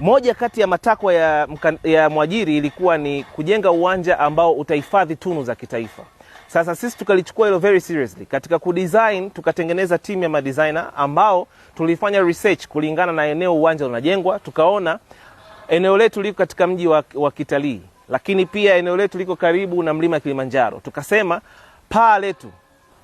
Moja kati ya matakwa ya, ya mwajiri ilikuwa ni kujenga uwanja ambao utahifadhi tunu za kitaifa. Sasa sisi tukalichukua hilo very seriously katika kudesign, tukatengeneza timu ya madesigner ambao tulifanya research kulingana na eneo uwanja unajengwa, tukaona eneo letu liko katika mji wa, wa kitalii, lakini pia eneo letu liko karibu na mlima Kilimanjaro. Tukasema paa letu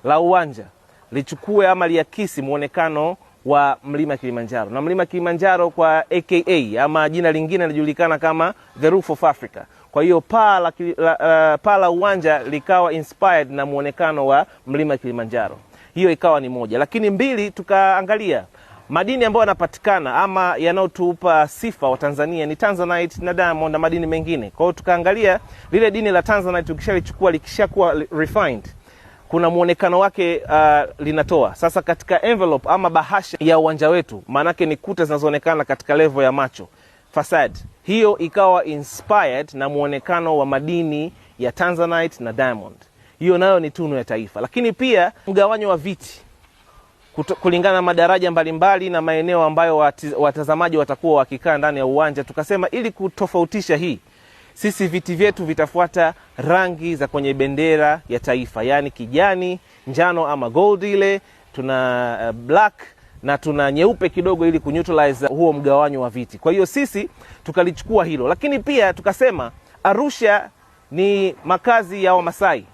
la uwanja lichukue ama liakisi muonekano wa mlima Kilimanjaro, na mlima Kilimanjaro kwa aka ama jina lingine linajulikana kama the roof of Africa. Kwa hiyo paa la, la, eh, paa la uwanja likawa inspired na muonekano wa mlima Kilimanjaro. Hiyo ikawa ni moja, lakini mbili, tukaangalia madini ambayo yanapatikana ama yanayotupa sifa wa Tanzania ni tanzanite na diamond na madini mengine. Kwa hiyo tukaangalia lile dini la tanzanite, ukishalichukua likishakuwa refined kuna mwonekano wake uh, linatoa sasa katika envelope ama bahasha ya uwanja wetu, maanake ni kuta zinazoonekana katika levo ya macho fasad. Hiyo ikawa inspired na mwonekano wa madini ya Tanzanite na diamond. Hiyo nayo ni tunu ya taifa, lakini pia mgawanyo wa viti kulingana na madaraja mbalimbali na maeneo ambayo watazamaji watakuwa wakikaa ndani ya uwanja, tukasema ili kutofautisha hii sisi viti vyetu vitafuata rangi za kwenye bendera ya taifa, yaani kijani, njano ama gold ile, tuna eh, black na tuna nyeupe kidogo, ili kuneutralize huo mgawanyo wa viti. Kwa hiyo sisi tukalichukua hilo, lakini pia tukasema Arusha ni makazi ya Wamasai.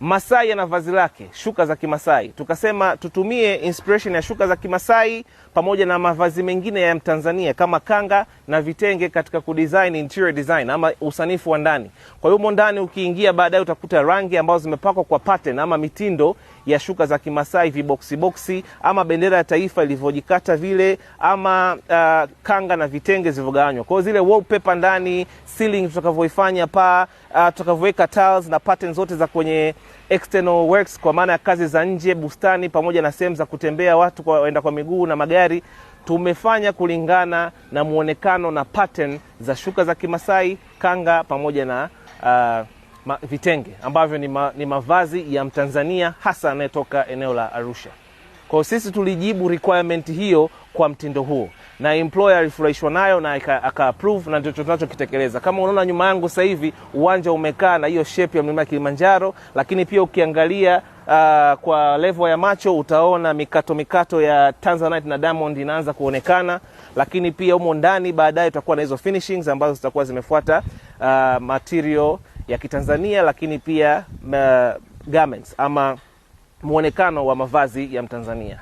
Masai ana vazi lake, shuka za Kimasai. Tukasema tutumie inspiration ya shuka za Kimasai pamoja na mavazi mengine ya Mtanzania kama kanga na vitenge katika kudesign interior design ama usanifu wa ndani. Kwa hiyo ndani ukiingia baadaye utakuta rangi ambazo zimepakwa kwa pattern ama mitindo ya shuka za Kimasai, viboksi boksi ama bendera ya taifa ilivyojikata vile ama uh, kanga na vitenge zilivyogawanywa. Kwa hiyo zile wallpaper ndani, ceiling tutakavyoifanya paa uh, tutakavyoweka tiles na pattern zote za kwenye external works, kwa maana ya kazi za nje, bustani pamoja na sehemu za kutembea watu kwa waenda kwa miguu na magari, tumefanya kulingana na muonekano na pattern za shuka za Kimasai, kanga pamoja na uh, ma, vitenge ambavyo ni, ma, ni mavazi ya Mtanzania hasa anayetoka eneo la Arusha kwao sisi tulijibu requirement hiyo kwa mtindo huo, na employer alifurahishwa nayo na aka approve, na ndicho tunachokitekeleza. Kama unaona nyuma yangu sasa hivi uwanja umekaa na hiyo shape ya mlima Kilimanjaro, lakini pia ukiangalia uh, kwa level ya macho utaona mikato mikato ya Tanzanite na Diamond inaanza kuonekana, lakini pia humo ndani baadaye tutakuwa na hizo finishings ambazo zitakuwa zimefuata uh, material ya Kitanzania, lakini pia uh, garments ama mwonekano wa mavazi ya Mtanzania.